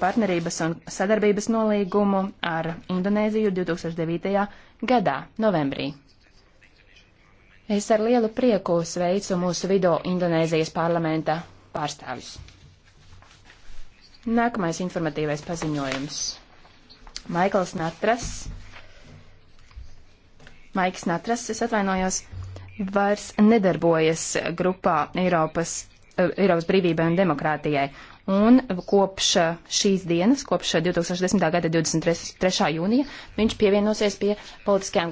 partnerības un sadarbības nolīgumu ar Indonēziju 2009. gadā, novembrī. Es ar lielu prieku sveicu mūsu vidū Indonēzijas parlamenta pārstāvis. Nākamais informatīvais paziņojums. Maikls Natras. Maiks Natras, es atvainojos, vairs nedarbojas grupā Eiropas, Eiropas brīvībai un demokrātijai un kopš šīs dienas, kopš 2010. gada 23. jūnija, viņš pievienosies pie politiskajām